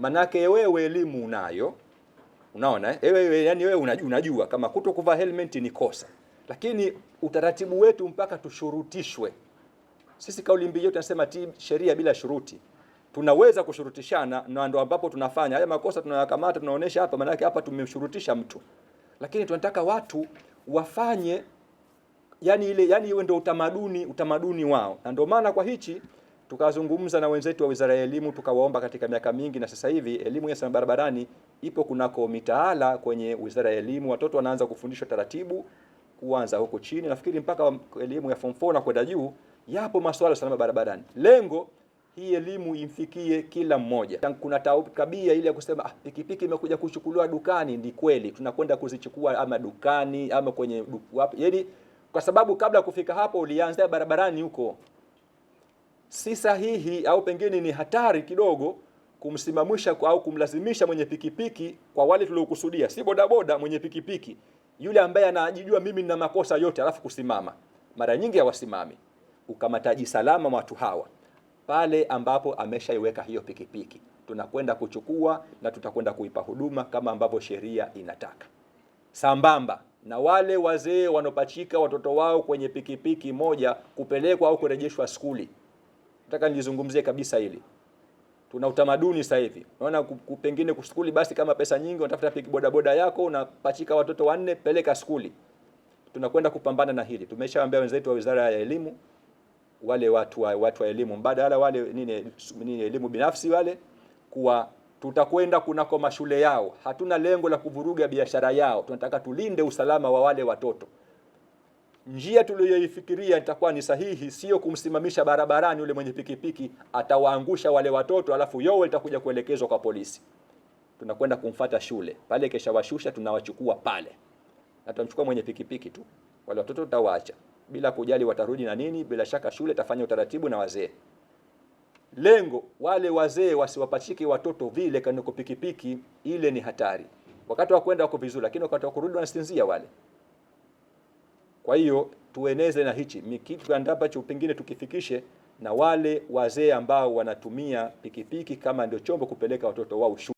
manake wewe elimu unayo, unaona wewe, yani wewe unajua, unajua kama kuto kuvaa helmet ni kosa, lakini utaratibu wetu mpaka tushurutishwe sisi. Kauli mbiu yetu nasema sheria bila shuruti tunaweza kushurutishana na ndo ambapo tunafanya haya makosa, tunayakamata tunaonesha hapa, maanake hapa tumemshurutisha mtu, lakini tunataka watu wafanye yani ile yani iwe ndio utamaduni utamaduni wao, na ndio maana kwa hichi tukazungumza na wenzetu wa Wizara ya Elimu tukawaomba katika miaka mingi, na sasa hivi elimu ya sanaa barabarani ipo kunako mitaala kwenye Wizara ya Elimu. Watoto wanaanza kufundishwa taratibu, kuanza huko chini, nafikiri mpaka elimu ya form 4 na kwenda juu, yapo masuala sanaa barabarani. Lengo hii elimu imfikie kila mmoja. Kuna tabia ile ya kusema ah, pikipiki imekuja kuchukuliwa dukani. ni kweli tunakwenda kuzichukua ama dukani ama kwenye wapi, yaani kwa sababu kabla ya kufika hapo ulianzia barabarani huko si sahihi au pengine ni hatari kidogo kumsimamisha au kumlazimisha mwenye pikipiki kwa wale tuliokusudia, si bodaboda, mwenye pikipiki yule ambaye anajijua mimi nina makosa yote, alafu kusimama. Mara nyingi hawasimami. Ukamataji salama watu hawa pale ambapo ameshaiweka hiyo pikipiki, tunakwenda kuchukua na tutakwenda kuipa huduma kama ambavyo sheria inataka, sambamba na wale wazee wanaopachika watoto wao kwenye pikipiki moja kupelekwa au kurejeshwa skuli nataka nilizungumzie kabisa hili. Tuna utamaduni sasa hivi, unaona pengine kushukuli basi, kama pesa nyingi unatafuta piki boda boda yako unapachika watoto wanne, peleka skuli. Tunakwenda kupambana na hili. Tumeshawaambia wenzetu wa Wizara ya Elimu, wale watu wa, watu wa elimu mbadala wale nini, nini elimu binafsi wale, kuwa tutakwenda kunako mashule yao. Hatuna lengo la kuvuruga biashara yao, tunataka tulinde usalama wa wale watoto njia tuliyoifikiria itakuwa ni sahihi, sio kumsimamisha barabarani yule mwenye pikipiki, atawaangusha wale watoto, alafu yowe itakuja kuelekezwa kwa polisi. Tunakwenda kumfata shule pale, kesha washusha, tunawachukua pale na tutamchukua mwenye pikipiki tu, wale watoto tutawaacha bila kujali watarudi na nini. Bila shaka shule itafanya utaratibu na wazee. Lengo wale wazee wasiwapachike watoto vile kaniko pikipiki, ile ni hatari. Wakati wa kwenda wako vizuri, lakini wakati wa kurudi wanasinzia wale. Kwa hiyo tueneze na hichi kitu ambacho pengine tukifikishe na wale wazee ambao wanatumia pikipiki kama ndio chombo kupeleka watoto wao shule.